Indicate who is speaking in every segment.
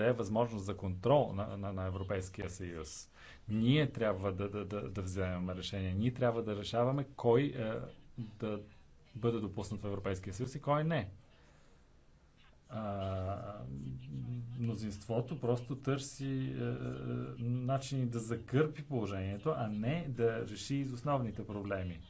Speaker 1: даде възможност за контрол на, на, на Европейския съюз. Ние трябва да, да, да, да вземем решение. Ние трябва да решаваме кой е, да бъде допуснат в Европейския съюз и кой не. А, мнозинството просто търси е, е начини да закърпи положението, а не да реши из основните проблеми.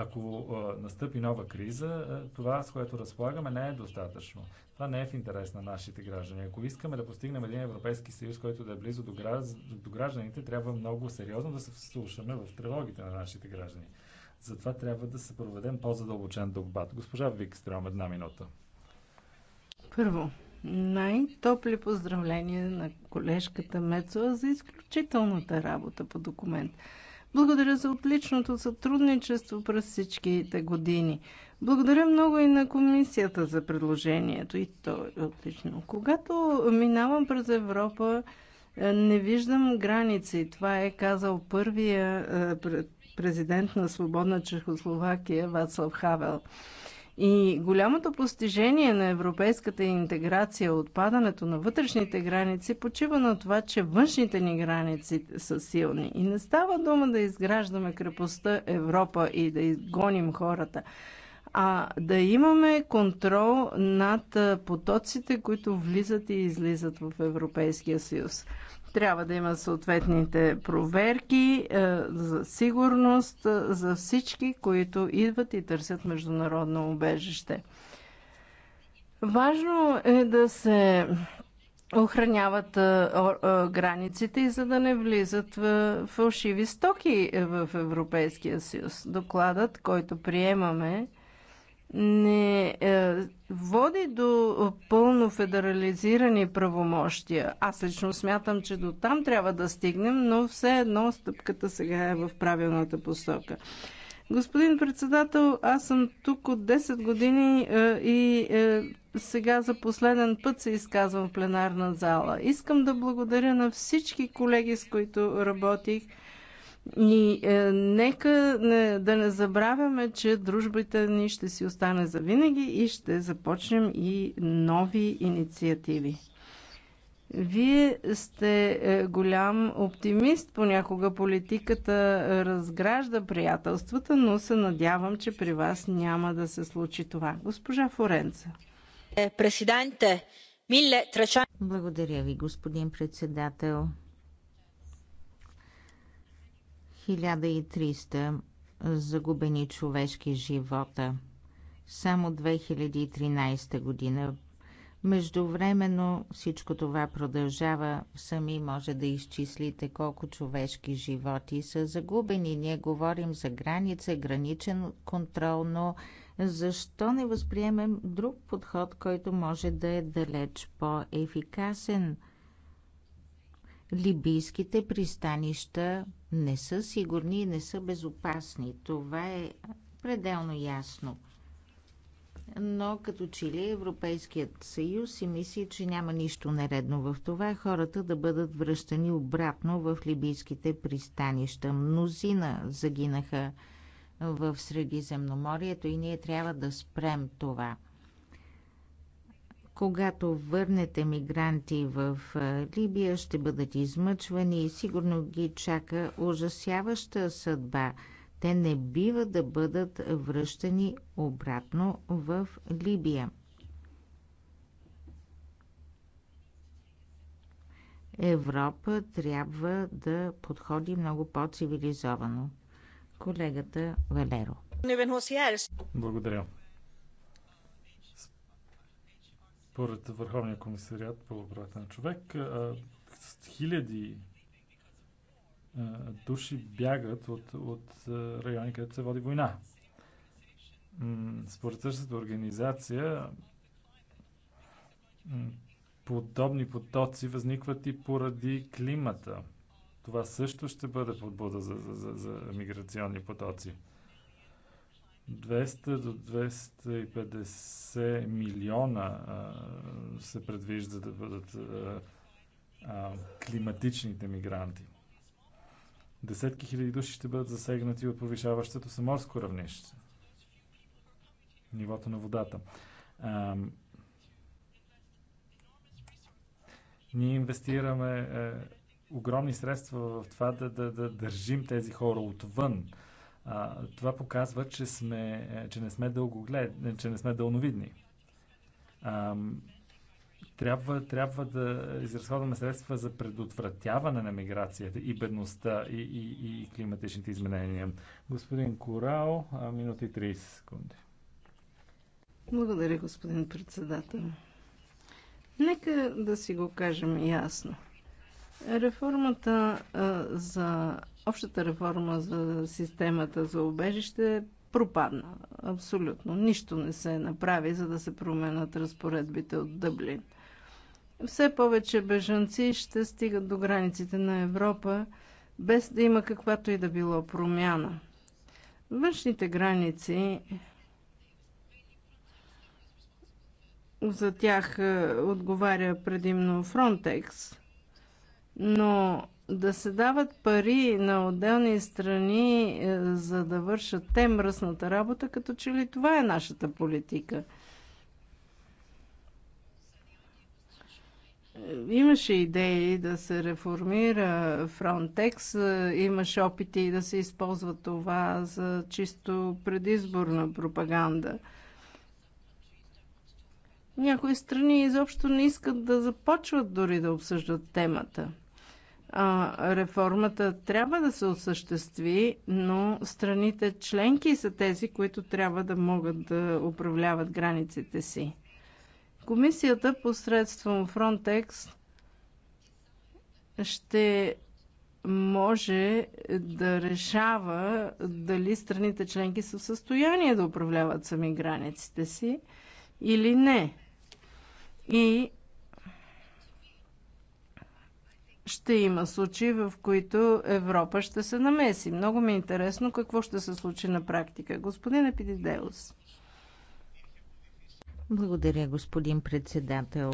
Speaker 1: Ако настъпи нова криза, това, с което разполагаме, не е достатъчно. Това не е в интерес на нашите граждани. Ако искаме да постигнем един Европейски съюз, който да е близо до, граз... до гражданите, трябва много сериозно да се вслушаме в тревогите на нашите граждани. Затова трябва да се проведем по-задълбочен дебат. Госпожа Викстрем, една минута.
Speaker 2: Първо, най-топли поздравления на колежката Мецова за изключителната работа по документ. Благодаря за отличното сътрудничество през всичките години. Благодаря много и на комисията за предложението. И то е отлично. Когато минавам през Европа, е, не виждам граници. Това е казал първия е, президент на свободна Чехословакия Вацлав Хавел. И голямото постижение на европейската интеграция, отпадането на вътрешните граници, почива на това, че външните ни граници са силни. И не става дума да изграждаме крепостта Европа и да изгоним хората, а да имаме контрол над потоците, които влизат и излизат в Европейския съюз. Трябва да има съответните проверки е, за сигурност е, за всички, които идват и търсят международно убежище. Важно е да се охраняват е, границите и за да не влизат в фалшиви стоки в Европейския съюз. Докладът, който приемаме, не е, води до пълно федерализирани правомощия. Аз лично смятам, че до там трябва да стигнем, но все едно стъпката сега е в правилната посока. Господин председател, аз съм тук от 10 години е, и е, сега за последен път се изказвам в пленарна зала. Искам да благодаря на всички колеги, с които работих ни, е, нека не, да не забравяме, че дружбата ни ще си остане за винаги и ще започнем и нови инициативи. Вие сте е, голям оптимист. Понякога политиката е, разгражда приятелствата, но се надявам, че при вас няма да се случи това.
Speaker 3: Госпожа Форенца. Е, президенте, 1300... Благодаря ви, господин председател. 1300 загубени човешки живота само 2013 година. Междувременно всичко това продължава. Сами може да изчислите колко човешки животи са загубени. Ние говорим за граница, граничен контрол, но защо не възприемем друг подход, който може да е далеч по-ефикасен? либийските пристанища не са сигурни и не са безопасни. Това е пределно ясно. Но като че ли Европейският съюз си мисли, че няма нищо нередно в това хората да бъдат връщани обратно в либийските пристанища. Мнозина загинаха в Средиземноморието и ние трябва да спрем това – когато върнете мигранти в Либия, ще бъдат измъчвани и сигурно ги чака ужасяваща съдба. Те не бива да бъдат връщани обратно в Либия. Европа трябва да подходи много по-цивилизовано. Колегата
Speaker 1: Валеро. Благодаря. Според Върховния комисариат по правата на човек, хиляди души бягат от, от райони, където се води война. Според същата организация, подобни потоци възникват и поради климата. Това също ще бъде подбуда за, за, за, за миграционни потоци. 200 до 250 милиона се предвижда да бъдат климатичните мигранти. Десетки хиляди души ще бъдат засегнати от повишаващото се морско равнище. Нивото на водата. А, ние инвестираме е, огромни средства в това да, да, да държим тези хора отвън а, това показва, че, сме, че не сме дългоглед, че не сме дълновидни. А, трябва, трябва да изразходваме средства за предотвратяване на миграцията и бедността и, и, и климатичните изменения. Господин Корал, минути 30 секунди.
Speaker 2: Благодаря, господин председател. Нека да си го кажем ясно. Реформата а, за общата реформа за системата за обежище пропадна. Абсолютно. Нищо не се направи, за да се променят разпоредбите от Дъблин. Все повече бежанци ще стигат до границите на Европа, без да има каквато и да било промяна. Външните граници за тях е, отговаря предимно Фронтекс, но да се дават пари на отделни страни, е, за да вършат те мръсната работа, като че ли това е нашата политика. Имаше идеи да се реформира Frontex, е, имаше опити да се използва това за чисто предизборна пропаганда. Някои страни изобщо не искат да започват дори да обсъждат темата – а, реформата трябва да се осъществи, но страните членки са тези, които трябва да могат да управляват границите си. Комисията посредством Frontex ще може да решава дали страните членки са в състояние да управляват сами границите си или не. И ще има случаи, в които Европа ще се намеси. Много ми е интересно какво ще се случи на практика. Господин Епидидеус.
Speaker 3: Благодаря, господин председател.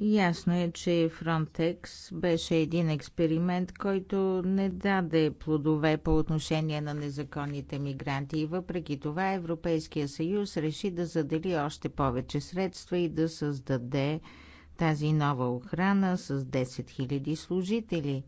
Speaker 3: Ясно е, че Frontex беше един експеримент, който не даде плодове по отношение на незаконните мигранти и въпреки това Европейския съюз реши да задели още повече средства и да създаде тази нова охрана с 10 000 служители.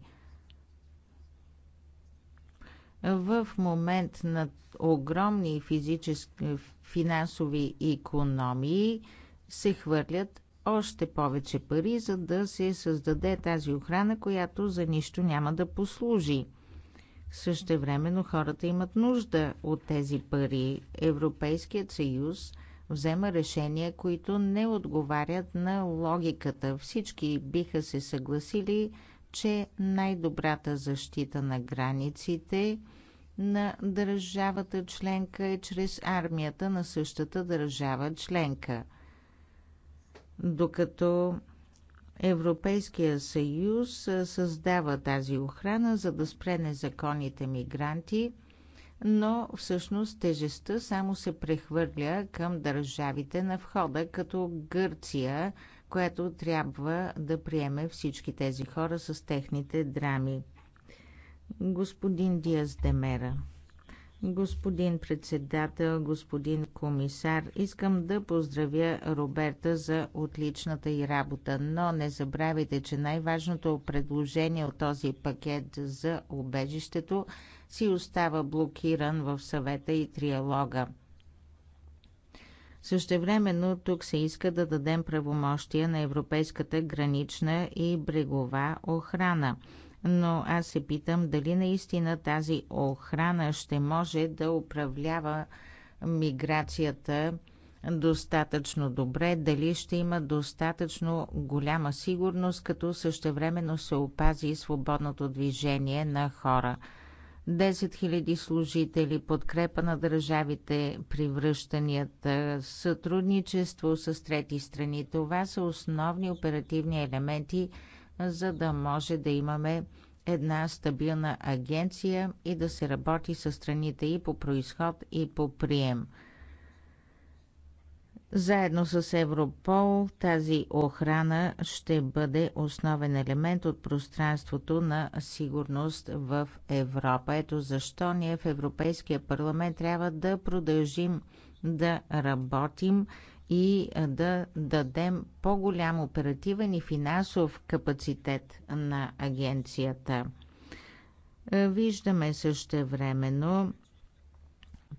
Speaker 3: В момент на огромни физически, финансови економии се хвърлят още повече пари, за да се създаде тази охрана, която за нищо няма да послужи. Същевременно хората имат нужда от тези пари. Европейският съюз взема решения, които не отговарят на логиката. Всички биха се съгласили, че най-добрата защита на границите на държавата членка е чрез армията на същата държава членка докато Европейския съюз създава тази охрана, за да спре незаконните мигранти, но всъщност тежестта само се прехвърля към държавите на входа, като Гърция, която трябва да приеме всички тези хора с техните драми. Господин Диас Демера. Господин председател, господин комисар, искам да поздравя Роберта за отличната й работа, но не забравяйте, че най-важното предложение от този пакет за убежището си остава блокиран в съвета и триалога. Същевременно тук се иска да дадем правомощия на Европейската гранична и брегова охрана – но аз се питам дали наистина тази охрана ще може да управлява миграцията достатъчно добре, дали ще има достатъчно голяма сигурност, като същевременно се опази свободното движение на хора. 10 000 служители, подкрепа на държавите привръщанията, сътрудничество с трети страни. Това са основни оперативни елементи – за да може да имаме една стабилна агенция и да се работи с страните и по происход и по прием. Заедно с Европол тази охрана ще бъде основен елемент от пространството на сигурност в Европа. Ето защо ние в Европейския парламент трябва да продължим да работим и да дадем по-голям оперативен и финансов капацитет на агенцията. Е, виждаме също времено,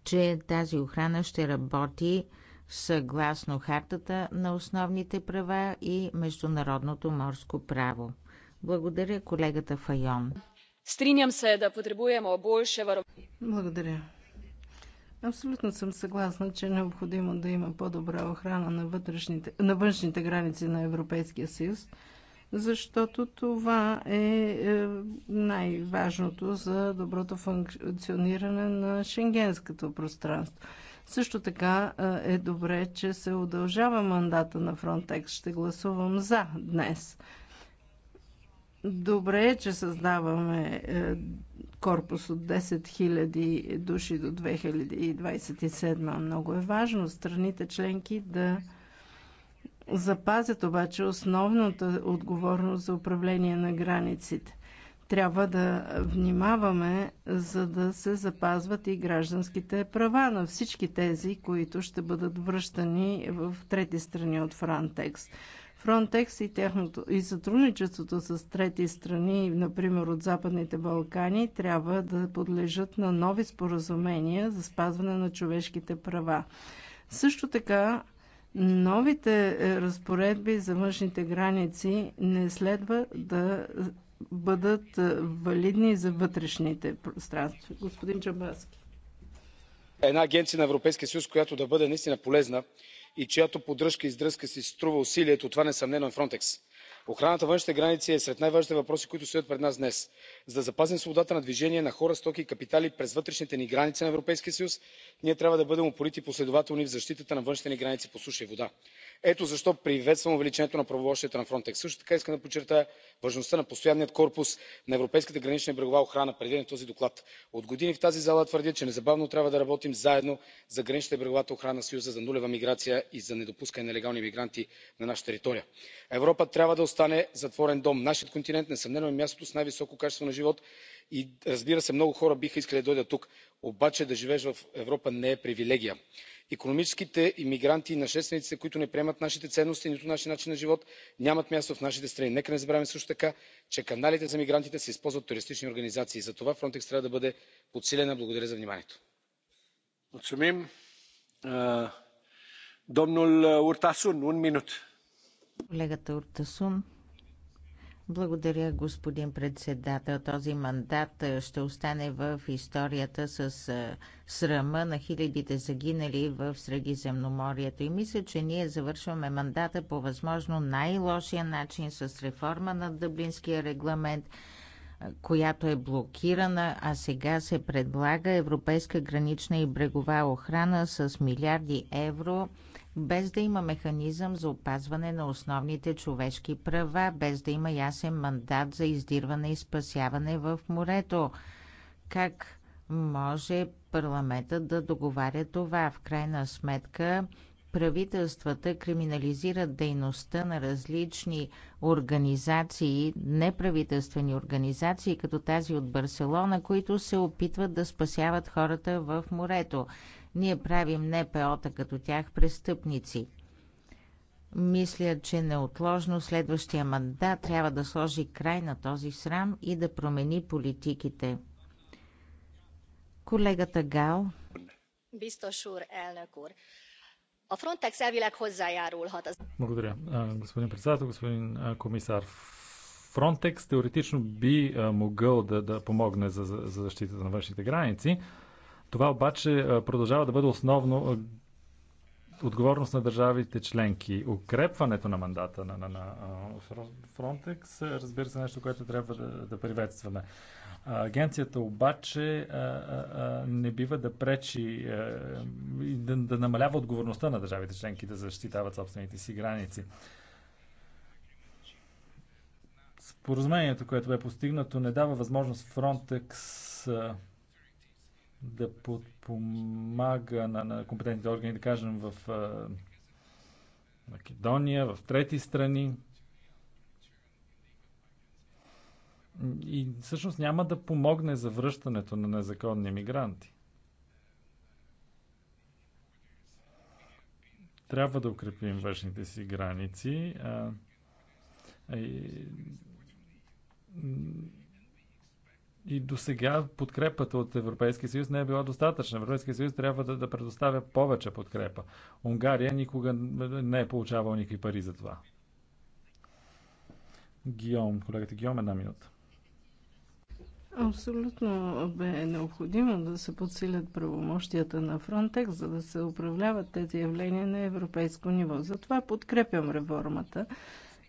Speaker 3: че тази охрана ще работи съгласно хартата на основните права и международното морско право. Благодаря колегата Файон.
Speaker 4: Стриням се да потребуемо больше
Speaker 3: Благодаря.
Speaker 2: Абсолютно съм съгласна, че е необходимо да има по-добра охрана на, вътрешните, на външните граници на Европейския съюз, защото това е, е най-важното за доброто функциониране на шенгенското пространство. Също така е, е добре, че се удължава мандата на Фронтекс. Ще гласувам за днес. Добре е, че създаваме е, корпус от 10 000 души до 2027. Много е важно страните членки да запазят обаче основната отговорност за управление на границите. Трябва да внимаваме, за да се запазват и гражданските права на всички тези, които ще бъдат връщани в трети страни от Франтекс. Frontex и, техното, и сътрудничеството с трети страни, например от Западните Балкани, трябва да подлежат на нови споразумения за спазване на човешките права. Също така, новите е, разпоредби за външните граници не следва да бъдат е, валидни за вътрешните пространства. Господин Чабаски.
Speaker 5: Една агенция на Европейския съюз, която да бъде наистина полезна и чиято поддръжка и издръжка си струва усилието това несъмнено е фронтекс. охраната на външните граници е сред най важните въпроси които стоят пред нас днес. за да запазим свободата на движение на хора стоки и капитали през вътрешните ни граници на европейския съюз ние трябва да бъдем упорити и последователни в защитата на външните ни граници по суша и вода ето защо приветствам увеличението на правомощията на frontex. също така искам да подчертая важността на постоянния корпус на европейската гранична и брегова охрана предвиден в този доклад. от години в тази зала твърдя че незабавно трябва да работим заедно за граничната и бреговата охрана на съюза за нулева миграция и за недопускане на нелегални мигранти на наша територия. европа трябва да остане затворен дом. нашият континент несъмнено е мястото с най високо качество на живот и разбира се много хора биха искали да дойдат тук обаче да живееш в европа не е привилегия икономическите имигранти и нашествениците които не приемат нашите ценности нито нашия начин на живот нямат място в нашите страни. нека не забравяме също така че каналите за мигрантите се използват от терористични организации. затова фронтекс трябва да бъде подсилена. благодаря за вниманието.
Speaker 3: Благодаря, господин председател. Този мандат ще остане в историята с срама на хилядите загинали в Средиземноморието. И мисля, че ние завършваме мандата по възможно най-лошия начин с реформа на Дъблинския регламент, която е блокирана, а сега се предлага Европейска гранична и брегова охрана с милиарди евро – без да има механизъм за опазване на основните човешки права, без да има ясен мандат за издирване и спасяване в морето. Как може парламентът да договаря това? В крайна сметка правителствата криминализират дейността на различни организации, неправителствени организации, като тази от Барселона, които се опитват да спасяват хората в морето. Ние правим НПО-та като тях престъпници. Мисля, че неотложно следващия мандат трябва да сложи край на този срам и да промени политиките. Колегата Гал.
Speaker 1: Благодаря. Господин председател, господин комисар, Фронтекс теоретично би могъл да, да помогне за, за защитата на външните граници, това обаче продължава да бъде основно отговорност на държавите членки. Укрепването на мандата на, на, на Frontex, разбира се, нещо, което трябва да, да приветстваме. Агенцията обаче а, а, не бива да пречи а, и да, да намалява отговорността на държавите членки да защитават собствените си граници. Споразумението, което бе постигнато, не дава възможност Frontex да подпомага на, на компетентните органи, да кажем, в а, Македония, в трети страни. И всъщност няма да помогне за връщането на незаконни мигранти. Трябва да укрепим външните си граници. А, и, и до сега подкрепата от Европейския съюз не е била достатъчна. Европейския съюз трябва да, да предоставя повече подкрепа. Унгария никога не е получавала никакви пари за това. Гиом, колегата Гиом, една минута.
Speaker 2: Абсолютно бе необходимо да се подсилят правомощията на Фронтекс, за да се управляват тези явления на европейско ниво. Затова подкрепям реформата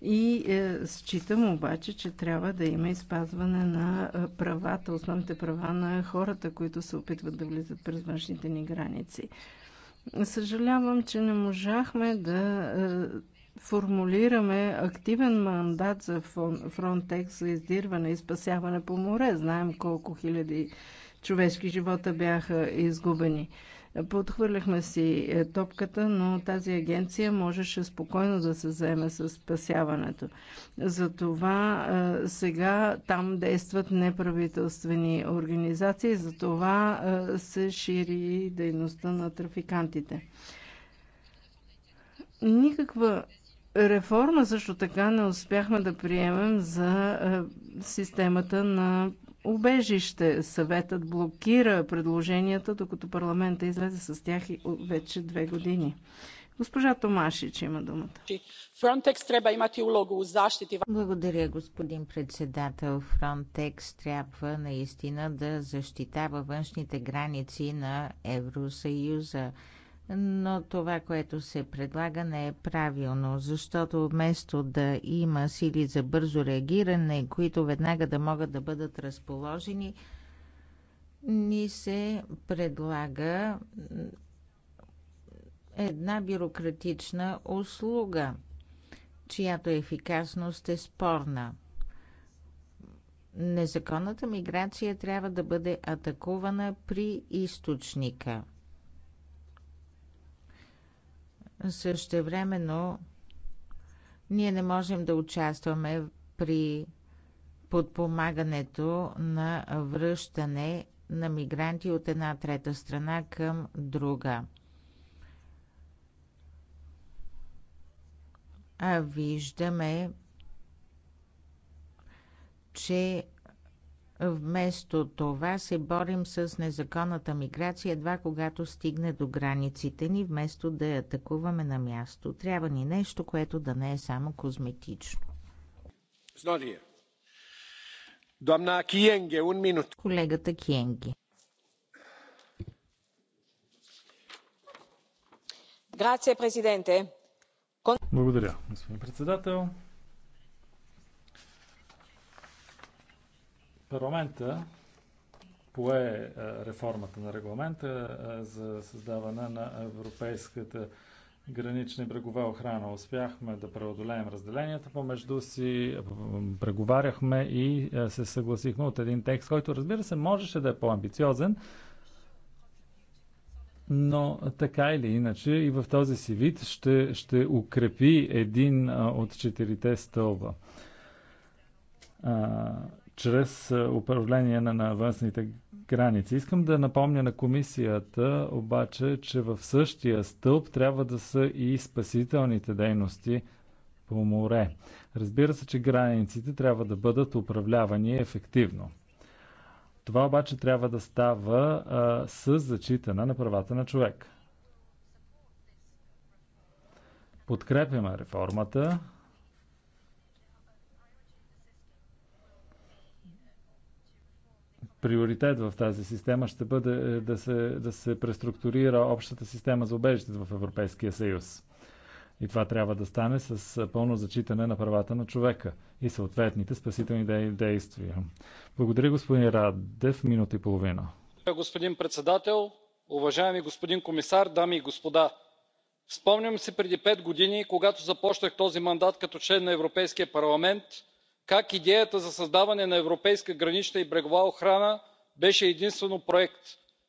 Speaker 2: и е, считам обаче, че трябва да има изпазване на е, правата, основните права на хората, които се опитват да влизат през външните ни граници. Съжалявам, че не можахме да е, формулираме активен мандат за фронтекс за издирване и спасяване по море. Знаем колко хиляди човешки живота бяха изгубени. Подхвърляхме си е, топката, но тази агенция можеше спокойно да се заеме с спасяването. Затова е, сега там действат неправителствени организации, затова е, се шири дейността на трафикантите. Никаква реформа също така не успяхме да приемем за системата на убежище. Съветът блокира предложенията, докато парламента
Speaker 3: излезе с тях и вече две години. Госпожа Томашич има думата. Фронтекс трябва имати улога у защити. Благодаря, господин председател. Фронтекс трябва наистина да защитава външните граници на Евросъюза но това, което се предлага, не е правилно, защото вместо да има сили за бързо реагиране, които веднага да могат да бъдат разположени, ни се предлага една бюрократична услуга, чиято ефикасност е спорна. Незаконната миграция трябва да бъде атакувана при източника – Същевременно ние не можем да участваме при подпомагането на връщане на мигранти от една трета страна към друга. А виждаме, че Вместо това се борим с незаконната миграция едва когато стигне до границите ни, вместо да я атакуваме на място. Трябва ни нещо, което да не е само козметично. Колегата Киенги.
Speaker 1: Благодаря, господин председател. Парламента пое е, реформата на регламента е, за създаване на Европейската гранична и брегова охрана. Успяхме да преодолеем разделенията помежду си, преговаряхме и е, се съгласихме от един текст, който разбира се можеше да е по-амбициозен, но така или иначе и в този си вид ще, ще укрепи един от четирите стълба чрез управление на, на външните граници. Искам да напомня на комисията обаче, че в същия стълб трябва да са и спасителните дейности по море. Разбира се, че границите трябва да бъдат управлявани ефективно. Това обаче трябва да става а, с зачитане на правата на човек. Подкрепяме реформата. приоритет в тази система ще бъде е, да се, да се преструктурира общата система за убежище в Европейския съюз. И това трябва да стане с е, пълно зачитане на правата на човека и съответните спасителни действия. Благодаря, господин Радев. Минута и половина.
Speaker 6: Господин председател, уважаеми господин комисар, дами и господа! Спомням си преди пет години, когато започнах този мандат като член на Европейския парламент, как идеята за създаване на европейска гранична и брегова охрана беше единствено проект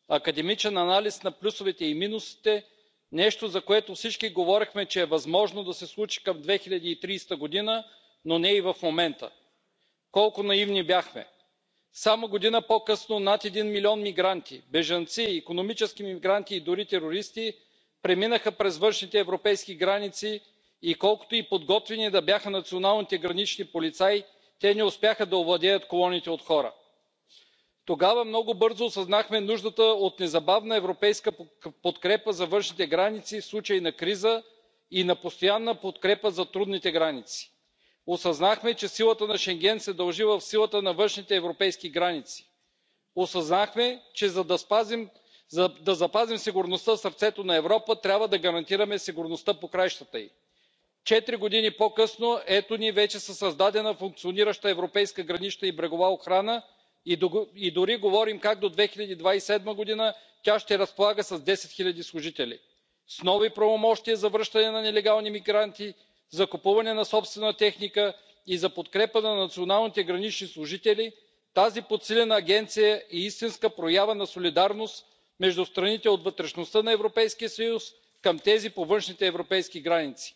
Speaker 6: академичен анализ на плюсовете и минусите нещо за което всички говорехме че е възможно да се случи към две хиляди и тридесета година но не и в момента. колко наивни бяхме! само година по късно над един милион мигранти бежанци икономически мигранти и дори терористи преминаха през външните европейски граници и колкото и подготвени да бяха националните гранични полицаи те не успяха да овладеят колоните от хора. тогава много бързо осъзнахме нуждата от незабавна европейска подкрепа за външните граници в случай на криза и на постоянна подкрепа за трудните граници. осъзнахме че силата на шенген се дължи в силата на външните европейски граници. осъзнахме че за да запазим сигурността в сърцето на европа трябва да гарантираме сигурността по краищата ѝ четири години по късно ето ни вече със създадена функционираща европейска гранична и брегова охрана и дори говорим как до 2027 г. година тя ще разполага с десет хиляди служители с нови правомощия за връщане на нелегални мигранти за купуване на собствена техника и за подкрепа на националните гранични служители тази подсилена агенция е истинска проява на солидарност между страните от вътрешността на европейския съюз към тези по външните европейски граници.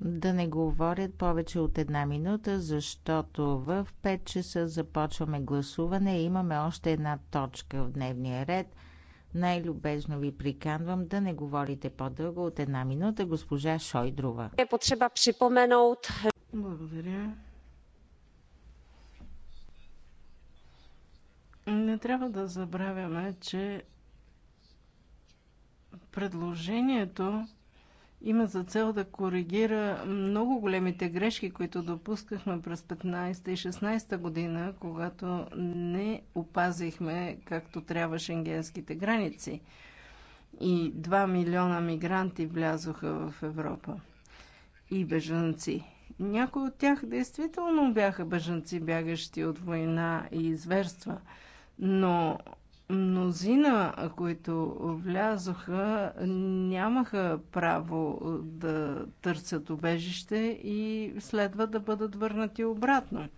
Speaker 3: да не говорят повече от една минута, защото в 5 часа започваме гласуване и имаме още една точка в дневния ред. Най-любезно ви приканвам да не говорите по-дълго от една минута, госпожа Шойдрова. Е потреба припоменат. Благодаря.
Speaker 2: Не трябва да забравяме, че предложението има за цел да коригира много големите грешки, които допускахме през 15 и 16 година, когато не опазихме както трябва шенгенските граници и 2 милиона мигранти влязоха в Европа и бежанци. Някои от тях действително бяха бежанци, бягащи от война и изверства, но мнозина, които влязоха, нямаха право да търсят убежище и следва да бъдат върнати обратно.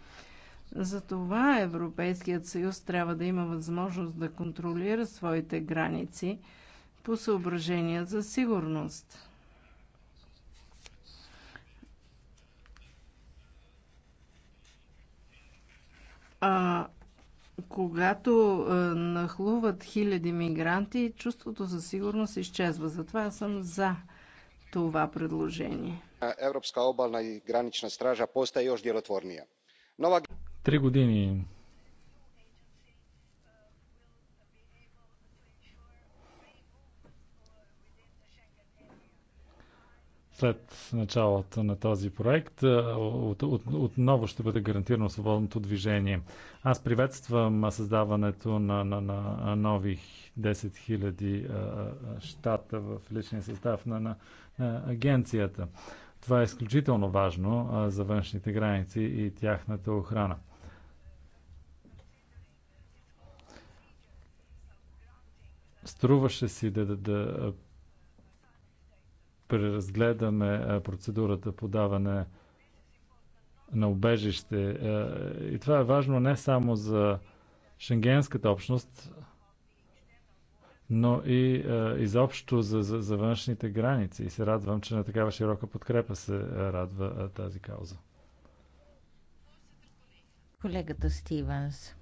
Speaker 2: Затова Европейският съюз трябва да има възможност да контролира своите граници по съображения за сигурност. А когато е, нахлуват хиляди мигранти, чувството за сигурност изчезва. Затова съм за това
Speaker 1: предложение.
Speaker 6: Европска обална и гранична стража постае още djelotvornija. Нова...
Speaker 1: Три години след началото на този проект от, от, отново ще бъде гарантирано свободното движение. Аз приветствам създаването на, на, на нови 10 000 щата в личния състав на, на, на агенцията. Това е изключително важно а, за външните граници и тяхната охрана. Струваше си да, да, да преразгледаме е, процедурата по даване на убежище. Е, и това е важно не само за шенгенската общност, но и е, изобщо за, за, за външните граници. И се радвам, че на такава широка подкрепа се радва тази кауза.
Speaker 3: Колегата Стивенс,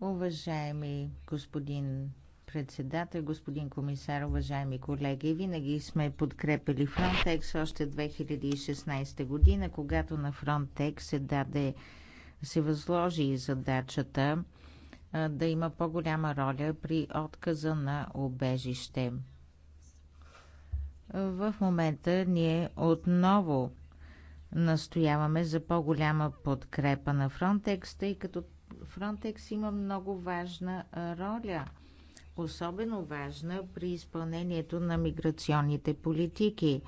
Speaker 3: уважаеми господин председател, господин комисар, уважаеми колеги. Винаги сме подкрепили Frontex още 2016 година, когато на Frontex се даде се възложи задачата да има по-голяма роля при отказа на обежище. В момента ние отново настояваме за по-голяма подкрепа на Frontex, тъй като Frontex има много важна роля – особено важна при изпълнението на миграционните политики,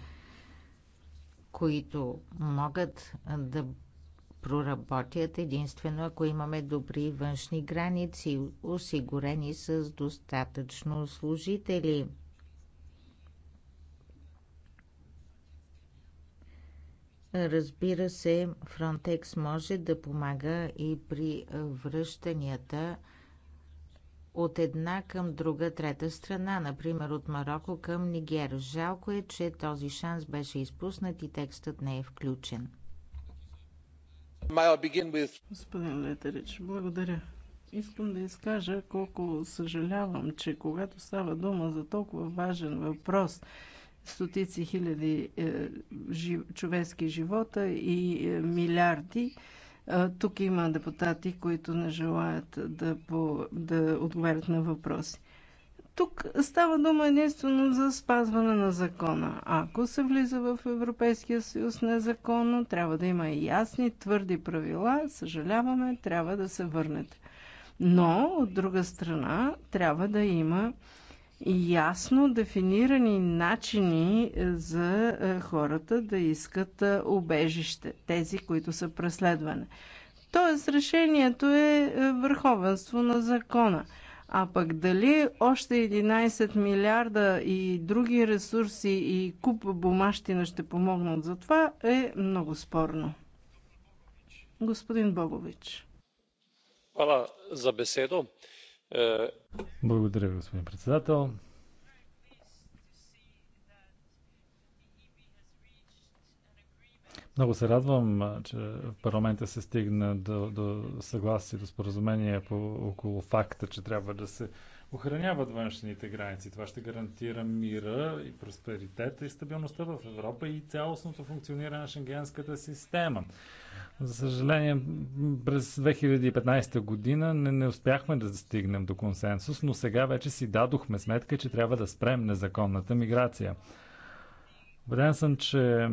Speaker 3: които могат да проработят единствено ако имаме добри външни граници, осигурени с достатъчно служители. Разбира се, Frontex може да помага и при връщанията от една към друга трета страна, например от Марокко към Нигер. Жалко е, че този шанс беше изпуснат и текстът не е включен.
Speaker 2: Господин Летерич,
Speaker 3: благодаря. Искам да изкажа колко съжалявам, че
Speaker 2: когато става дума за толкова важен въпрос, стотици хиляди е, жив, човешки живота и е, милиарди, е, тук има депутати, които не желаят да, по, да отговарят на въпроси. Тук става дума единствено за спазване на закона. Ако се влиза в Европейския съюз незаконно, трябва да има ясни, твърди правила. Съжаляваме, трябва да се върнете. Но, от друга страна, трябва да има ясно дефинирани начини е, за е, хората да искат е, убежище, тези, които са преследвани. Тоест, решението е върховенство на закона. А пък дали още 11 милиарда и други ресурси и куп бумащина ще помогнат за това е много спорно. Господин Богович.
Speaker 1: Hvala за беседо. Благодаря, господин председател. Много се радвам, че в парламента се стигна до, до съгласие, до споразумение по, около факта, че трябва да се охраняват външните граници. Това ще гарантира мира и просперитета и стабилността в Европа и цялостното функциониране на шенгенската система. За съжаление, през 2015 година не, не успяхме да стигнем до консенсус, но сега вече си дадохме сметка, че трябва да спрем незаконната миграция. Убеден съм, че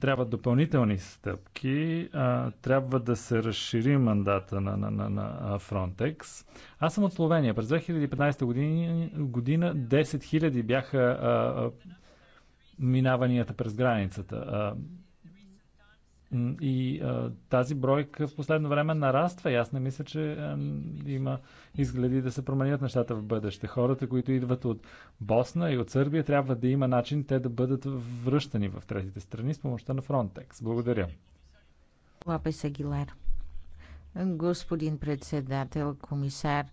Speaker 1: трябва допълнителни стъпки, а, трябва да се разшири мандата на, на, на, на Frontex. Аз съм от Словения. През 2015 година, година 10 000 бяха а, а, минаванията през границата. А, и а, тази бройка в последно време нараства и аз не мисля, че а, има изгледи да се променят нещата в бъдеще. Хората, които идват от Босна и от Сърбия, трябва да има начин те да бъдат връщани в третите страни с помощта на Frontex. Благодаря.
Speaker 3: Лапес Агилар. Господин председател, комисар,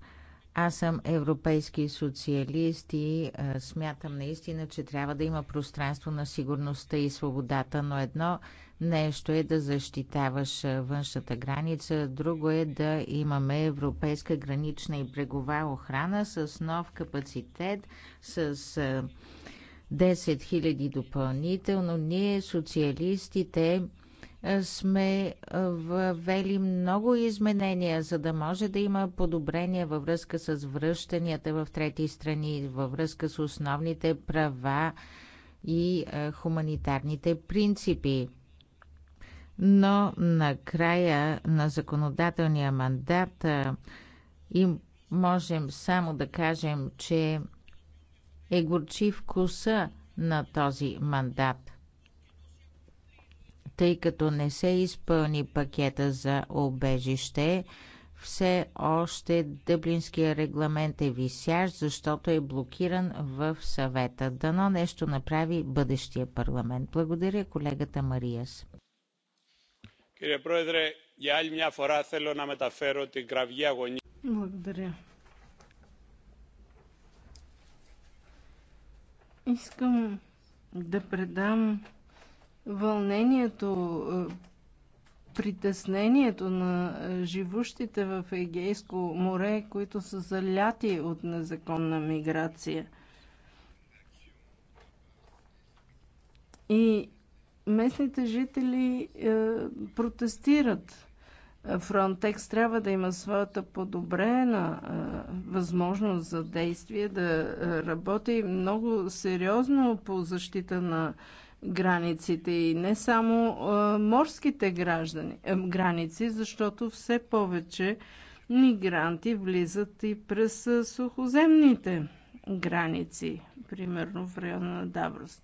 Speaker 3: аз съм европейски социалист и а, смятам наистина, че трябва да има пространство на сигурността и свободата, но едно Нещо е да защитаваш външната граница, друго е да имаме европейска гранична и брегова охрана с нов капацитет, с 10 000 допълнително. Ние, социалистите, сме въвели много изменения, за да може да има подобрения във връзка с връщанията в трети страни, във връзка с основните права и хуманитарните принципи но на края на законодателния мандат им можем само да кажем, че е горчи вкуса на този мандат, тъй като не се изпълни пакета за обежище, все още Дъблинския регламент е висящ, защото е блокиран в съвета. Дано нещо направи бъдещия парламент. Благодаря колегата Мариас. Благодаря.
Speaker 2: Искам да предам вълнението, е, притеснението на е, живущите в Егейско море, които са заляти от незаконна миграция. И местните жители е, протестират. Фронтекс трябва да има своята подобрена е, възможност за действие, да е, работи много сериозно по защита на границите и не само е, морските граждани, е, граници, защото все повече мигранти влизат и през е, сухоземните граници, примерно в района на Даврос.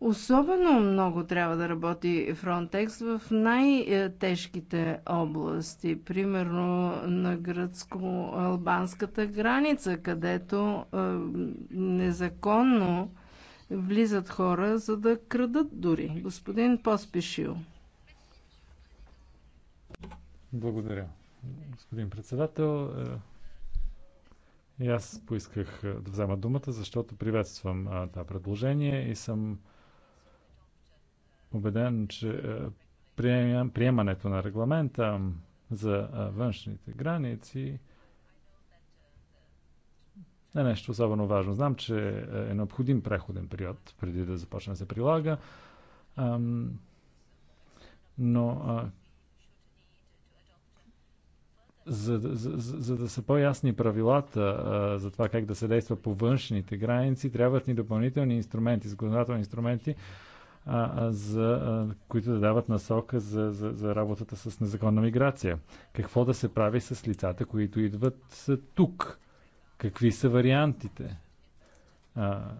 Speaker 2: Особено много трябва да работи Фронтекс в най-тежките области, примерно на гръцко-албанската граница, където е, незаконно влизат хора, за да крадат дори. Господин Поспешил.
Speaker 1: Благодаря. Господин председател, е, и аз поисках да взема думата, защото приветствам това предложение и съм убеден, че е, приемането на регламента за е, външните граници е нещо особено важно. Знам, че е, е необходим преходен период преди да започне да се прилага, но за, за, за да са по-ясни правилата а, за това как да се действа по външните граници, трябват ни допълнителни инструменти, законодателни инструменти, а, за, а, които да дават насока за, за, за работата с незаконна миграция. Какво да се прави с лицата, които идват тук? Какви са вариантите? А,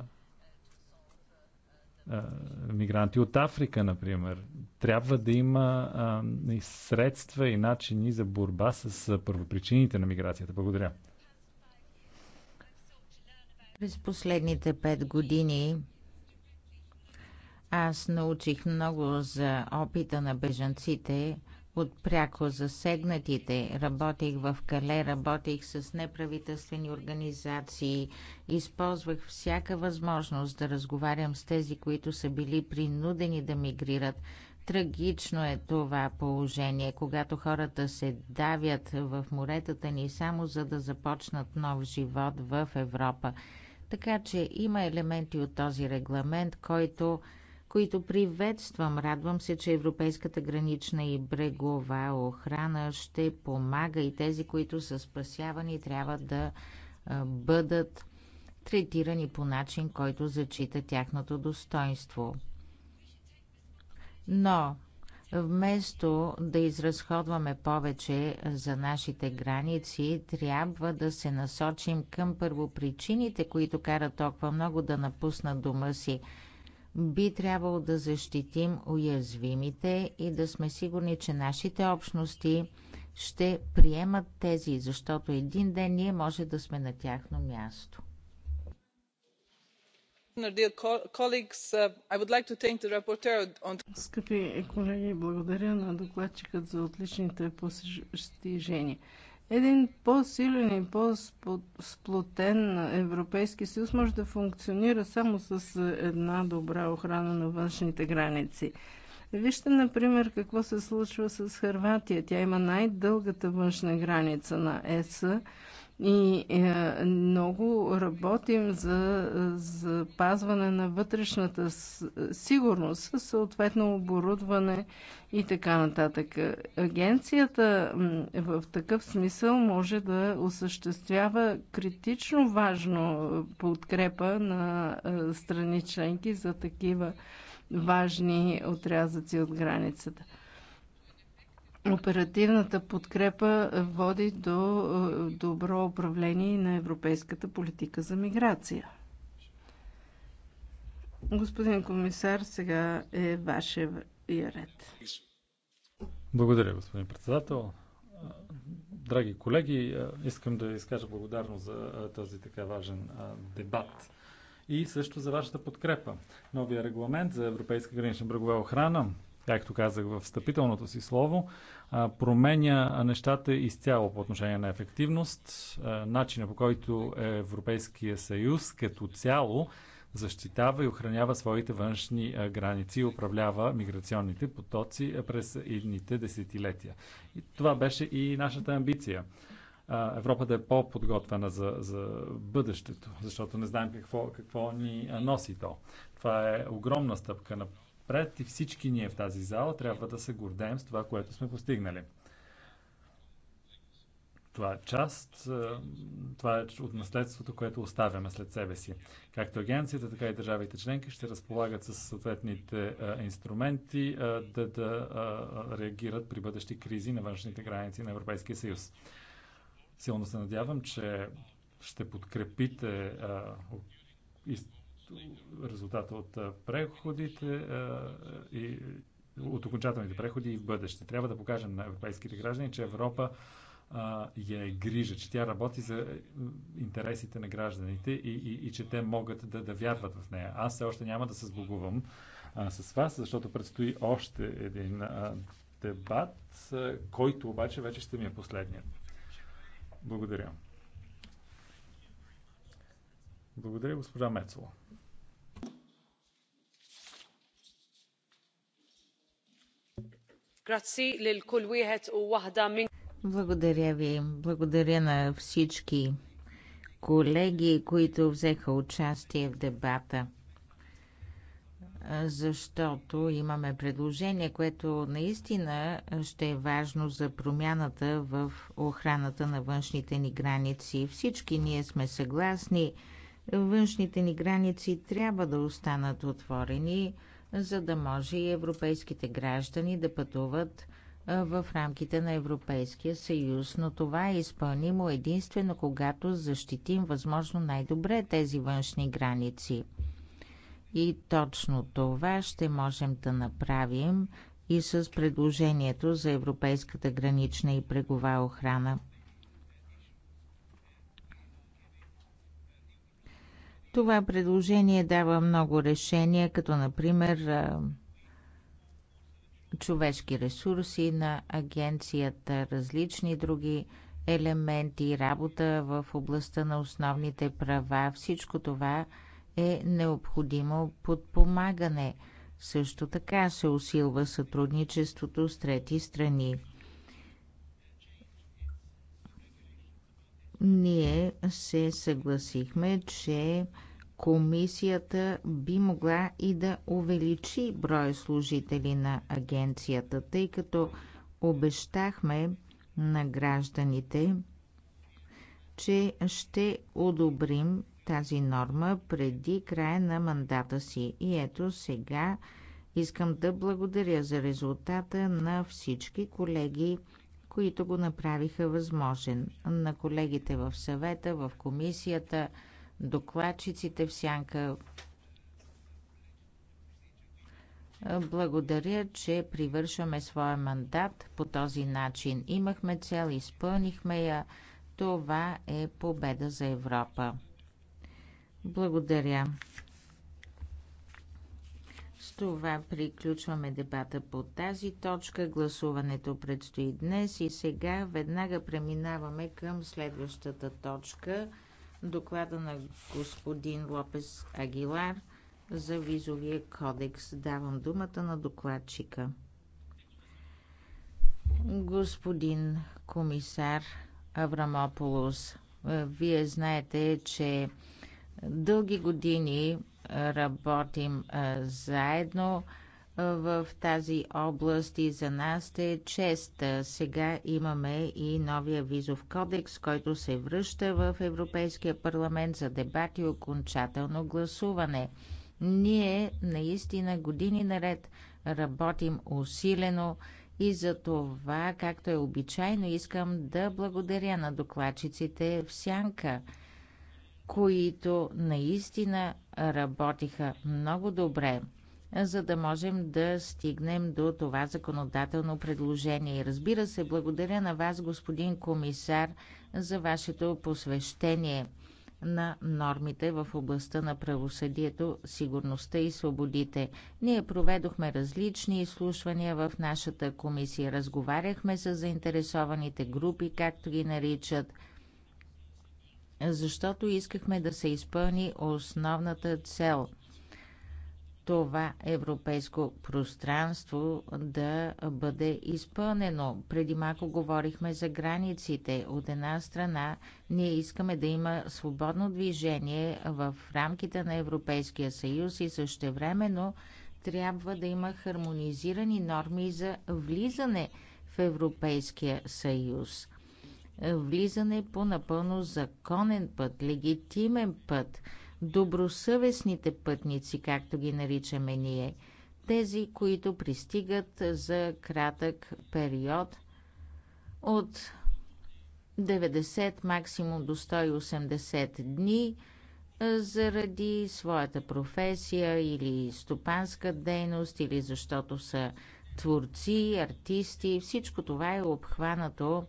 Speaker 1: а, мигранти от Африка, например. Трябва да има а, и средства и начини за борба с първопричините на миграцията. Благодаря.
Speaker 3: През последните пет години аз научих много за опита на бежанците от пряко засегнатите. Работих в Кале, работих с неправителствени организации, използвах всяка възможност да разговарям с тези, които са били принудени да мигрират. Трагично е това положение, когато хората се давят в моретата ни само за да започнат нов живот в Европа. Така че има елементи от този регламент, който които приветствам. Радвам се, че Европейската гранична и брегова охрана ще помага и тези, които са спасявани, трябва да бъдат третирани по начин, който зачита тяхното достоинство. Но Вместо да изразходваме повече за нашите граници, трябва да се насочим към първопричините, които карат толкова много да напуснат дома си. Би трябвало да защитим уязвимите и да сме сигурни, че нашите общности ще приемат тези, защото един ден ние може да сме на тяхно място.
Speaker 6: Uh,
Speaker 2: Скъпи колеги, благодаря на докладчикът за отличните постижения. Един по-силен и по-сплотен Европейски съюз може да функционира само с една добра охрана на външните граници. Вижте, например, какво се случва с Харватия. Тя има най-дългата външна граница на ЕС и е, много работим за е, запазване на вътрешната сигурност, съответно оборудване и така нататък. Агенцията в такъв смисъл може да осъществява критично важно е, подкрепа на е, страни членки за такива важни отрязъци от границата. Оперативната подкрепа води до е, добро управление на европейската политика за миграция. Господин комисар, сега е ваше ред.
Speaker 1: Благодаря, господин председател. Драги колеги, е, искам да изкажа благодарност за е, този така важен дебат и също за вашата подкрепа. Новия регламент за Европейска гранична брегова охрана както казах в встъпителното си слово, променя нещата изцяло по отношение на ефективност, начина по който Европейския съюз като цяло защитава и охранява своите външни граници и управлява миграционните потоци през едните десетилетия. И това беше и нашата амбиция. Европа да е по-подготвена за, за бъдещето, защото не знаем какво, какво ни носи то. Това е огромна стъпка на напред и всички ние в тази зала трябва да се гордеем с това, което сме постигнали. Това е част, това е от наследството, което оставяме след себе си. Както агенцията, така и държавите членки ще разполагат с съответните а, инструменти а, да, да а, реагират при бъдещи кризи на външните граници на Европейския съюз. Силно се надявам, че ще подкрепите а, резултата от преходите и от окончателните преходи и в бъдеще. Трябва да покажем на европейските граждани, че Европа а, я е грижа, че тя работи за интересите на гражданите и, и, и че те могат да, да вярват в нея. Аз все още няма да се сбогувам а, с вас, защото предстои още един а, дебат, а, който обаче вече ще ми е последният. Благодаря. Благодаря, госпожа Мецова.
Speaker 3: Благодаря ви. Благодаря на всички колеги, които взеха участие в дебата. Защото имаме предложение, което наистина ще е важно за промяната в охраната на външните ни граници. Всички ние сме съгласни. Външните ни граници трябва да останат отворени за да може и европейските граждани да пътуват в рамките на Европейския съюз, но това е изпълнимо единствено когато защитим възможно най-добре тези външни граници. И точно това ще можем да направим и с предложението за Европейската гранична и прегова охрана. Това предложение дава много решения, като например човешки ресурси на агенцията, различни други елементи, работа в областта на основните права. Всичко това е необходимо подпомагане. Също така се усилва сътрудничеството с трети страни. ние се съгласихме, че комисията би могла и да увеличи броя служители на агенцията, тъй като обещахме на гражданите, че ще одобрим тази норма преди края на мандата си. И ето сега искам да благодаря за резултата на всички колеги които го направиха възможен. На колегите в съвета, в комисията, докладчиците в сянка. Благодаря, че привършваме своя мандат по този начин. Имахме цел, изпълнихме я. Това е победа за Европа. Благодаря. С това приключваме дебата по тази точка. Гласуването предстои днес и сега веднага преминаваме към следващата точка. Доклада на господин Лопес Агилар за визовия кодекс. Давам думата на докладчика. Господин комисар Аврамополос, вие знаете, че дълги години работим заедно в тази област и за нас е чест. Сега имаме и новия визов кодекс, който се връща в Европейския парламент за дебат и окончателно гласуване. Ние наистина години наред работим усилено и за това, както е обичайно, искам да благодаря на докладчиците в Сянка – които наистина работиха много добре, за да можем да стигнем до това законодателно предложение. И разбира се, благодаря на вас, господин комисар, за вашето посвещение на нормите в областта на правосъдието, сигурността и свободите. Ние проведохме различни изслушвания в нашата комисия, разговаряхме с заинтересованите групи, както ги наричат – защото искахме да се изпълни основната цел това европейско пространство да бъде изпълнено. Преди малко говорихме за границите. От една страна, ние искаме да има свободно движение в рамките на Европейския съюз и същевременно трябва да има хармонизирани норми за влизане в Европейския съюз влизане по напълно законен път, легитимен път, добросъвестните пътници, както ги наричаме ние, тези, които пристигат за кратък период от 90 максимум до 180 дни заради своята професия или стопанска дейност или защото са творци, артисти. Всичко това е обхванато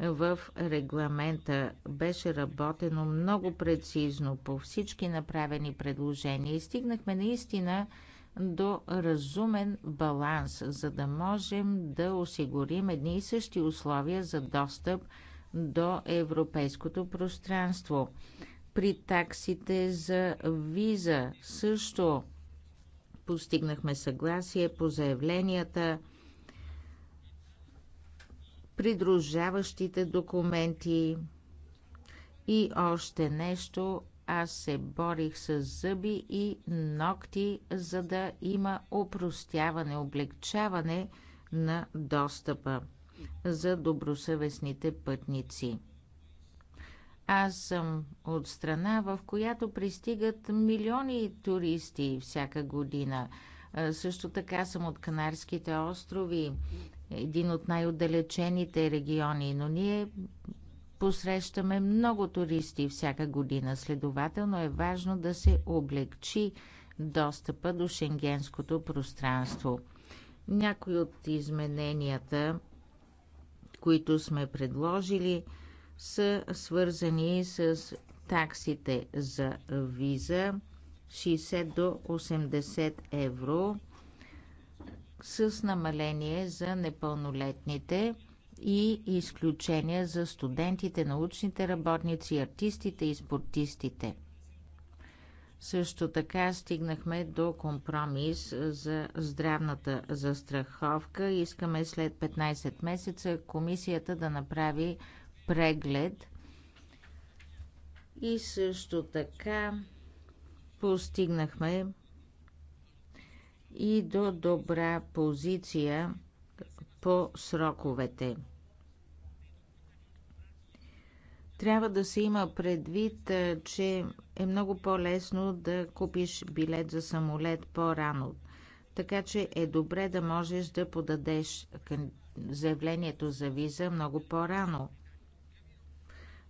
Speaker 3: в регламента беше работено много прецизно по всички направени предложения и стигнахме наистина до разумен баланс, за да можем да осигурим едни и същи условия за достъп до европейското пространство. При таксите за виза също постигнахме съгласие по заявленията – придружаващите документи и още нещо. Аз се борих с зъби и ногти, за да има опростяване, облегчаване на достъпа за добросъвестните пътници. Аз съм от страна, в която пристигат милиони туристи всяка година. Също така съм от Канарските острови един от най-отдалечените региони, но ние посрещаме много туристи всяка година. Следователно е важно да се облегчи достъпа до шенгенското пространство. Някои от измененията, които сме предложили, са свързани с таксите за виза 60 до 80 евро – с намаление за непълнолетните и изключения за студентите, научните работници, артистите и спортистите. Също така стигнахме до компромис за здравната застраховка. Искаме след 15 месеца комисията да направи преглед и също така постигнахме и до добра позиция по сроковете. Трябва да се има предвид, че е много по-лесно да купиш билет за самолет по-рано. Така че е добре да можеш да подадеш заявлението за виза много по-рано.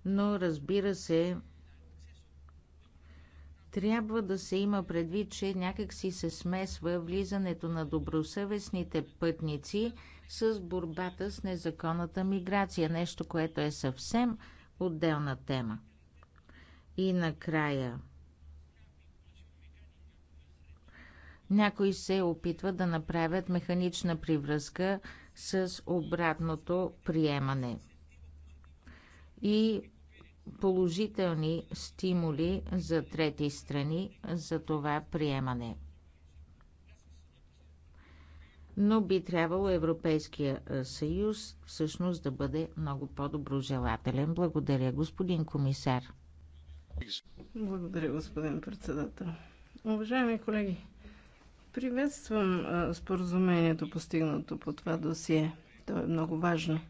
Speaker 3: Но разбира се, трябва да се има предвид, че някакси се смесва влизането на добросъвестните пътници с борбата с незаконната миграция, нещо, което е съвсем отделна тема. И накрая. Някои се опитват да направят механична привръзка с обратното приемане. И положителни стимули за трети страни за това приемане. Но би трябвало Европейския е, съюз всъщност да бъде много по-доброжелателен. Благодаря, господин комисар. Благодаря, господин председател.
Speaker 2: Уважаеми колеги, приветствам е, споразумението, постигнато по това досие. То е много важно.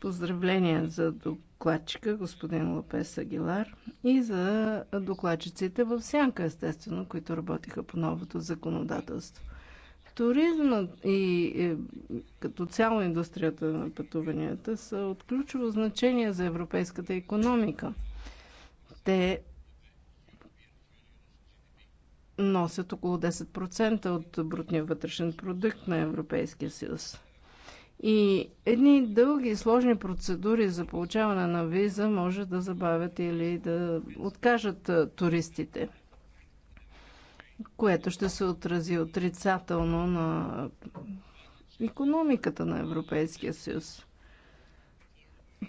Speaker 2: Поздравления за докладчика господин Лопес Агилар и за докладчиците в Сянка, естествено, които работиха по новото законодателство. Туризмът и като цяло индустрията на пътуванията са от ключово значение за европейската економика. Те носят около 10% от брутния вътрешен продукт на Европейския съюз. И едни дълги и сложни процедури за получаване на виза може да забавят или да откажат туристите, което ще се отрази отрицателно на економиката на Европейския съюз.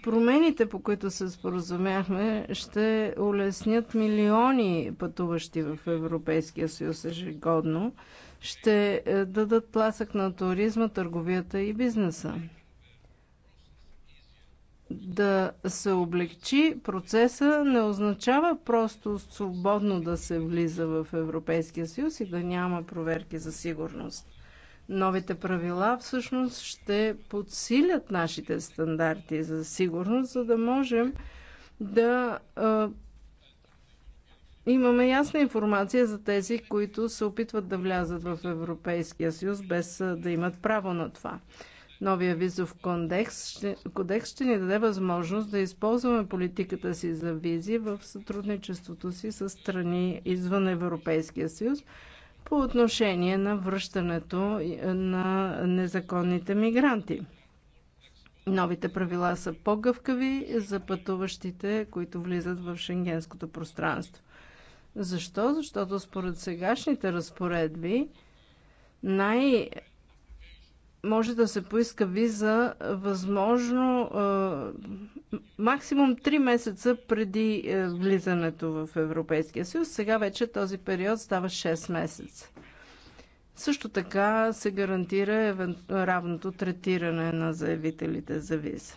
Speaker 2: Промените, по които се споразумяхме, ще улеснят милиони пътуващи в Европейския съюз ежегодно ще е, дадат пласък на туризма, търговията и бизнеса. Да се облегчи процеса не означава просто свободно да се влиза в Европейския съюз и да няма проверки за сигурност. Новите правила всъщност ще подсилят нашите стандарти за сигурност, за да можем да е, Имаме ясна информация за тези, които се опитват да влязат в Европейския съюз без да имат право на това. Новия визов кодекс ще, кодекс ще ни даде възможност да използваме политиката си за визи в сътрудничеството си с страни извън Европейския съюз по отношение на връщането на незаконните мигранти. Новите правила са по-гъвкави за пътуващите, които влизат в шенгенското пространство. Защо? Защото според сегашните разпоредби най- може да се поиска виза възможно е, максимум 3 месеца преди е, влизането в Европейския съюз. Сега вече този период става 6 месеца. Също така се гарантира равното третиране на заявителите за виза.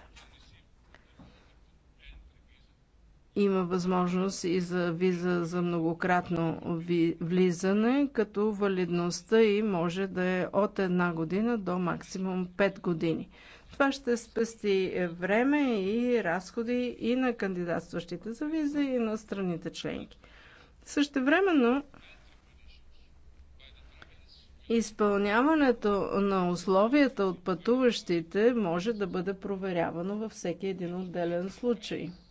Speaker 2: има възможност и за виза за многократно влизане, като валидността и може да е от една година до максимум 5 години. Това ще спести време и разходи и на кандидатстващите за виза и на страните членки. Същевременно изпълняването на условията от пътуващите може да бъде проверявано във всеки един отделен случай –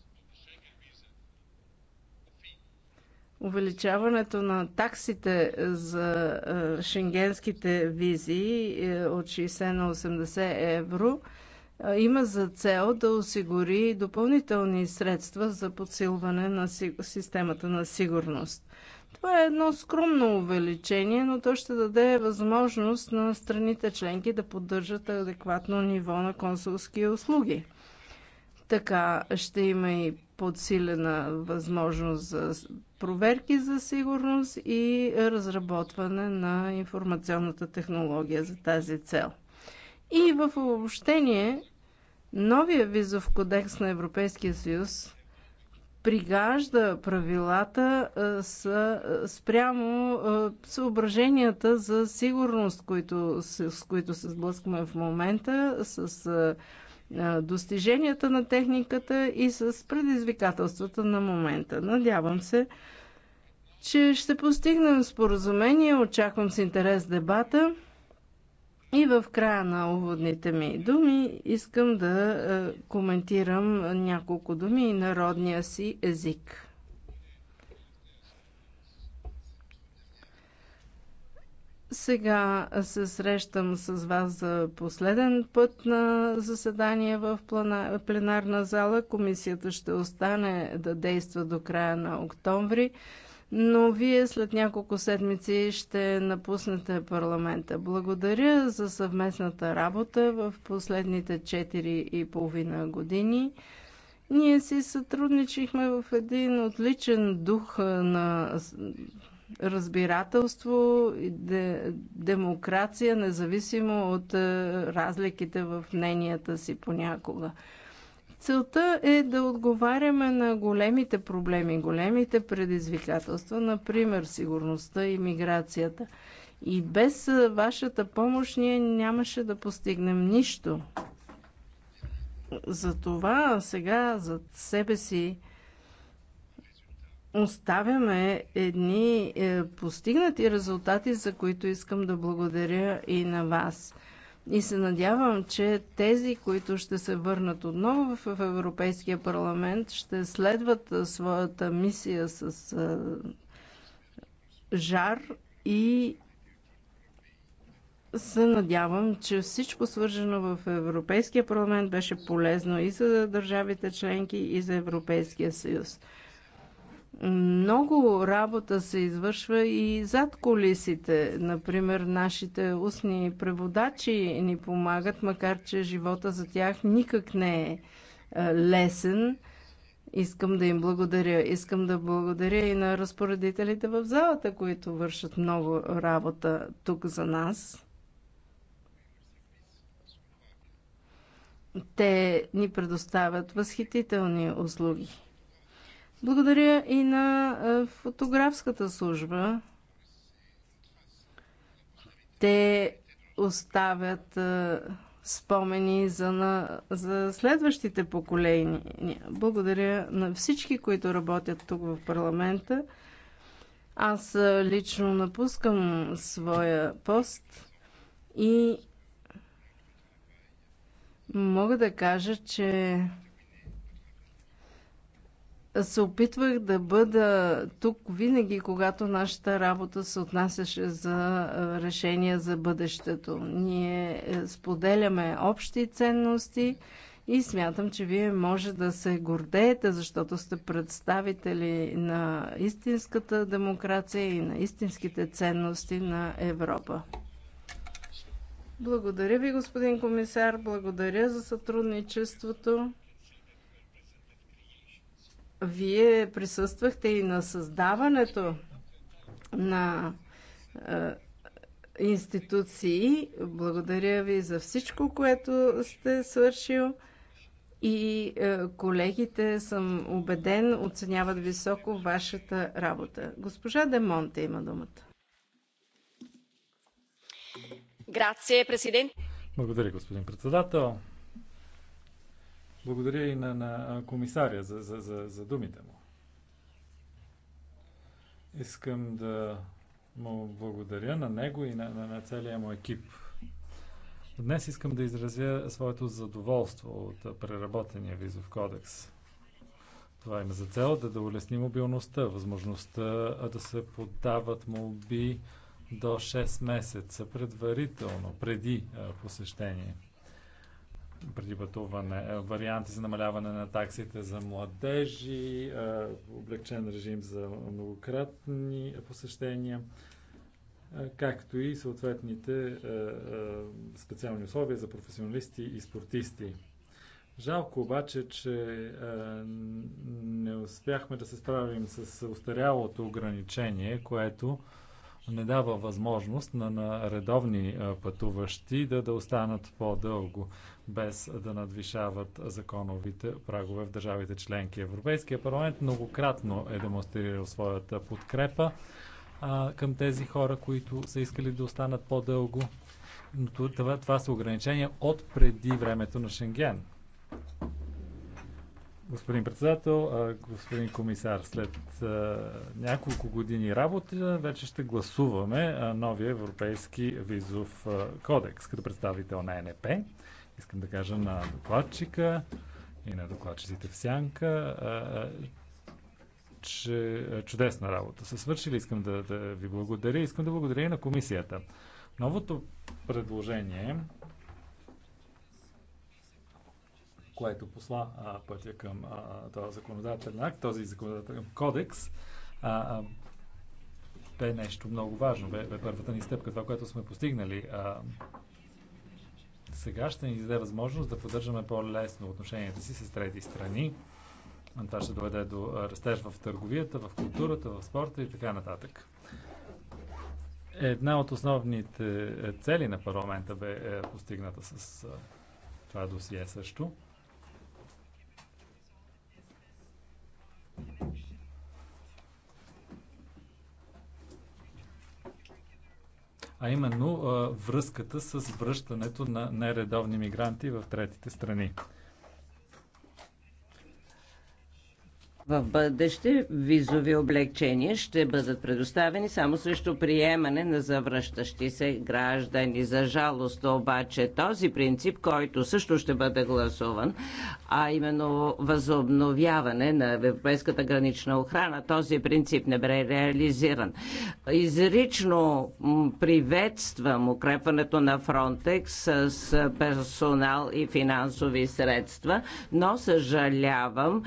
Speaker 2: Увеличаването на таксите за е, шенгенските визи е, от 60 на 80 евро е, има за цел да осигури допълнителни средства за подсилване на системата на сигурност. Това е едно скромно увеличение, но то ще даде възможност на страните членки да поддържат адекватно ниво на консулски услуги. Така ще има и подсилена възможност за проверки за сигурност и разработване на информационната технология за тази цел. И в обобщение, новия визов кодекс на Европейския съюз пригажда правилата с, спрямо съображенията за сигурност, които, с, с които се сблъскваме в момента, с достиженията на техниката и с предизвикателствата на момента. Надявам се, че ще постигнем споразумение. Очаквам с интерес дебата. И в края на уводните ми думи искам да коментирам няколко думи и народния си език. Сега се срещам с вас за последен път на заседание в пленарна зала. Комисията ще остане да действа до края на октомври, но вие след няколко седмици ще напуснете парламента. Благодаря за съвместната работа в последните 4 и половина години. Ние си сътрудничихме в един отличен дух на разбирателство, де, демокрация, независимо от е, разликите в мненията си понякога. Целта е да отговаряме на големите проблеми, големите предизвикателства, например сигурността и миграцията. И без е, вашата помощ ние нямаше да постигнем нищо. Затова сега зад себе си оставяме едни е, постигнати резултати, за които искам да благодаря и на вас. И се надявам, че тези, които ще се върнат отново в Европейския парламент, ще следват е, своята мисия с е, жар и се надявам, че всичко свържено в Европейския парламент беше полезно и за държавите членки, и за Европейския съюз. Много работа се извършва и зад колисите. Например, нашите устни преводачи ни помагат, макар че живота за тях никак не е, е лесен. Искам да им благодаря. Искам да благодаря и на разпоредителите в залата, които вършат много работа тук за нас. Те ни предоставят възхитителни услуги. Благодаря и на фотографската служба. Те оставят спомени за, на, за следващите поколения. Благодаря на всички, които работят тук в парламента. Аз лично напускам своя пост и мога да кажа, че се опитвах да бъда тук винаги, когато нашата работа се отнасяше за решения за бъдещето. Ние е, споделяме общи ценности и смятам, че вие може да се гордеете, защото сте представители на истинската демокрация и на истинските ценности на Европа. Благодаря ви, господин комисар. Благодаря за сътрудничеството. Вие присъствахте и на създаването на е, институции. Благодаря ви за всичко, което сте свършил. И е, колегите, съм убеден, оценяват високо вашата работа. Госпожа
Speaker 1: Демонте има думата. Благодаря, господин председател. Благодаря и на, на комисаря за, за, за, за думите му. Искам да му благодаря на него и на, на, на целия му екип. Днес искам да изразя своето задоволство от преработения визов кодекс. Това има за цел да, да улесни мобилността, възможността да се подават молби до 6 месеца предварително, преди посещение преди пътуване, е, варианти за намаляване на таксите за младежи, е, облегчен режим за многократни посещения, е, както и съответните специални условия за професионалисти и спортисти. Жалко обаче, че не успяхме да се справим с устарялото ограничение, което не дава възможност на, на редовни пътуващи да, да останат по-дълго, без да надвишават законовите прагове в държавите членки. Европейския парламент многократно е демонстрирал своята подкрепа а, към тези хора, които са искали да останат по-дълго. Но това, това са ограничения от преди времето на Шенген. Господин председател, господин комисар, след няколко години работа вече ще гласуваме новия европейски визов кодекс като представител на НП. Искам да кажа на докладчика и на докладчиците в Сянка, че чудесна работа са свършили. Искам да, да ви благодаря. Искам да благодаря и на комисията. Новото предложение което посла а, пътя към а, този законодателен акт, този законодателен кодекс, а, а, бе нещо много важно, бе, бе първата ни стъпка, това, което сме постигнали. А, сега ще ни даде възможност да поддържаме по-лесно отношенията си с трети страни. Това ще доведе до растеж в търговията, в културата, в спорта и така нататък. Една от основните е, цели на парламента бе е, постигната с това досие също. а именно връзката с връщането на нередовни мигранти в третите страни.
Speaker 7: В бъдеще визови облегчения ще бъдат предоставени само срещу приемане на завръщащи се граждани. За жалост обаче този принцип, който също ще бъде гласуван, а именно възобновяване на европейската гранична охрана, този принцип не бе реализиран. Изрично приветствам укрепването на Frontex с персонал и финансови средства, но съжалявам,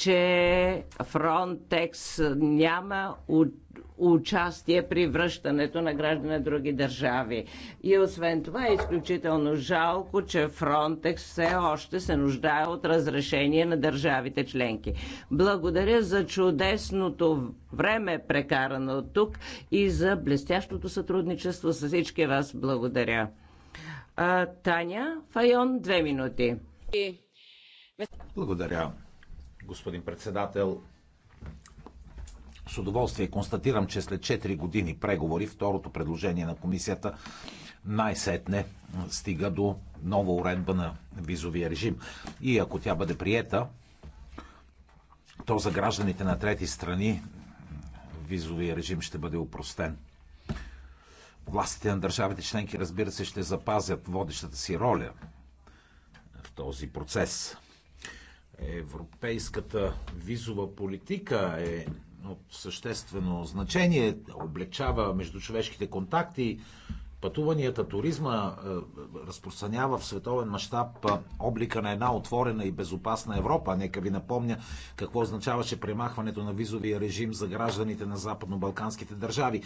Speaker 7: че Фронтекс няма участие при връщането на граждани на други държави. И освен това е изключително жалко, че Фронтекс все още се нуждае от разрешение на държавите членки. Благодаря за чудесното време прекарано тук и за блестящото сътрудничество с всички вас. Благодаря. Таня Файон, две минути.
Speaker 8: Благодаря господин председател. С удоволствие констатирам, че след 4 години преговори второто предложение на комисията най-сетне стига до нова уредба на визовия режим. И ако тя бъде приета, то за гражданите на трети страни визовия режим ще бъде упростен. Властите на държавите членки, разбира се, ще запазят водещата си роля в този процес. Европейската визова политика е от съществено значение, облегчава междучовешките контакти, пътуванията, туризма, е, разпространява в световен мащаб е, облика на една отворена и безопасна Европа. Нека ви напомня какво означаваше премахването на визовия режим за гражданите на западно-балканските държави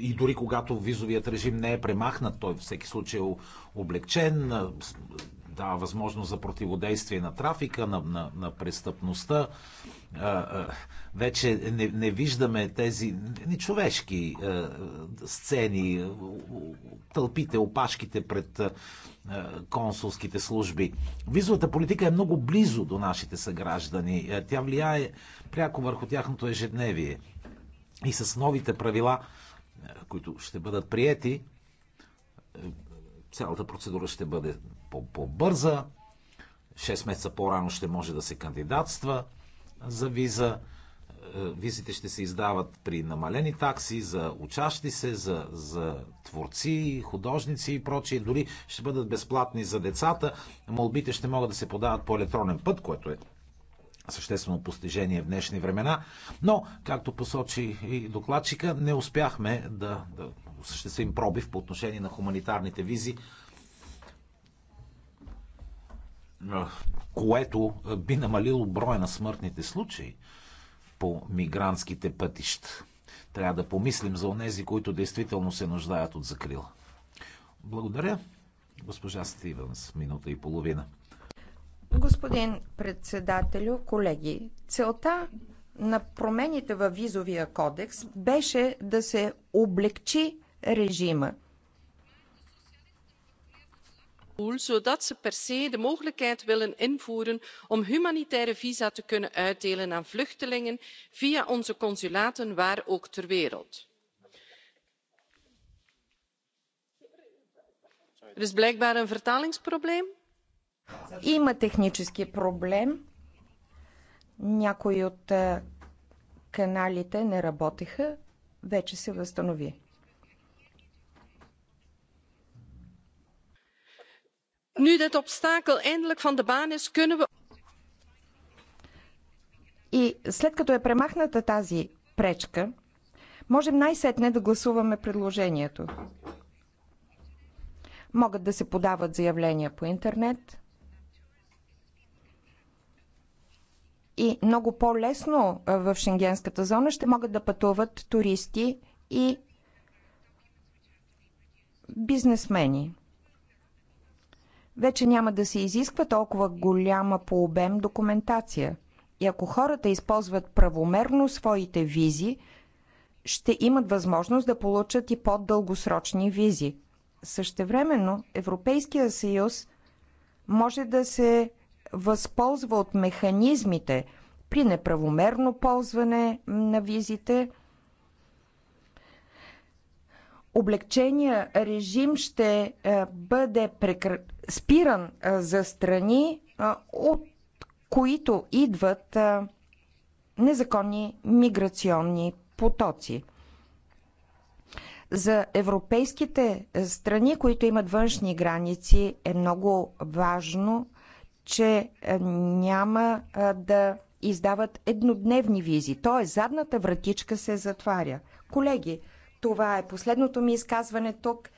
Speaker 8: и дори когато визовият режим не е премахнат, той всеки случай е облегчен, е, дава възможност за противодействие на трафика, на, на, на престъпността. Вече не, не виждаме тези нечовешки сцени, тълпите, опашките пред консулските служби. Визовата политика е много близо до нашите съграждани. Тя влияе пряко върху тяхното ежедневие. И с новите правила, които ще бъдат приети, цялата процедура ще бъде по-бърза. -по 6 месеца по-рано ще може да се кандидатства за виза. Е, визите ще се издават при намалени такси за учащи се, за, за творци, художници и прочие. Дори ще бъдат безплатни за децата. Молбите ще могат да се подават по електронен път, което е съществено постижение в днешни времена. Но, както посочи и докладчика, не успяхме да, да осъществим пробив по отношение на хуманитарните визи което би намалило броя на смъртните случаи по мигрантските пътища. Трябва да помислим за онези, които действително се нуждаят от закрила. Благодаря, госпожа Стивенс, минута и половина.
Speaker 4: Господин председателю, колеги, целта на промените във визовия кодекс беше да се облегчи режима
Speaker 2: zodat ze per se de mogelijkheid willen invoeren om humanitaire visa te kunnen uitdelen aan vluchtelingen via onze consulaten waar ook ter wereld. er is blijkbaar een vertalingsprobleem.
Speaker 4: Има технически проблем. Някои от каналите не работеха. Вече се възстанови.
Speaker 2: nu dit obstakel eindelijk van de baan is, kunnen we.
Speaker 4: И след като е премахната тази пречка, можем най-сетне да гласуваме предложението. Могат да се подават заявления по интернет и много по-лесно в Шенгенската зона ще могат да пътуват туристи и бизнесмени вече няма да се изисква толкова голяма по обем документация. И ако хората използват правомерно своите визи, ще имат възможност да получат и по-дългосрочни визи. Същевременно Европейския съюз може да се възползва от механизмите при неправомерно ползване на визите – облегчения режим ще е, бъде прекр... спиран е, за страни, е, от които идват незаконни миграционни потоци. За европейските страни, които имат външни граници, е много важно, че няма да издават еднодневни визи. Тоест, задната вратичка се затваря. Колеги, това е последното ми изказване тук.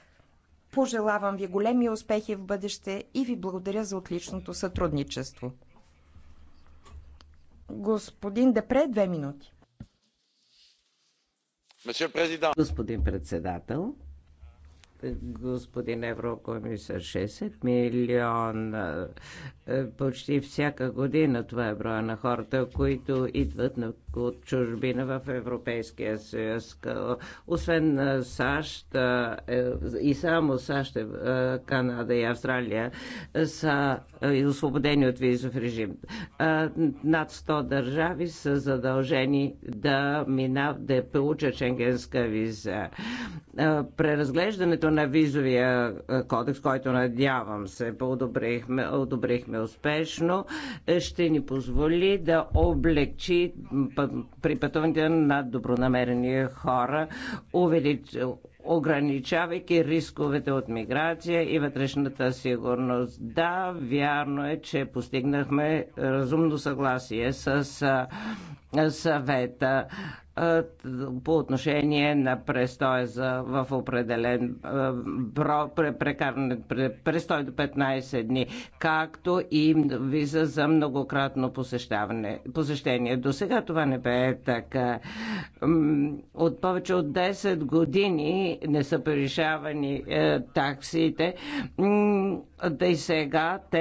Speaker 4: Пожелавам ви големи успехи в бъдеще и ви благодаря за отличното сътрудничество. Господин Депре, две минути.
Speaker 7: Господин председател, господин еврокомисар, 60 милиона. Почти всяка година това е броя на хората, които идват от чужбина в Европейския съюз. Освен САЩ е, и само САЩ, е, Канада и Австралия са освободени от визов режим. Над 100 държави са задължени да минават, да получат шенгенска виза. Преразглеждането приемането на визовия е, кодекс, който надявам се одобрихме, одобрихме успешно, е, ще ни позволи да облегчи при пътуването на добронамерени хора, увелич, ограничавайки рисковете от миграция и вътрешната сигурност. Да, вярно е, че постигнахме разумно съгласие с съвета по отношение на престоя за, в определен бро, прекарване, престой до 15 дни, както и виза за многократно посещение. До сега това не бе така. От повече от 10 години не са превишавани е, таксите, да и сега те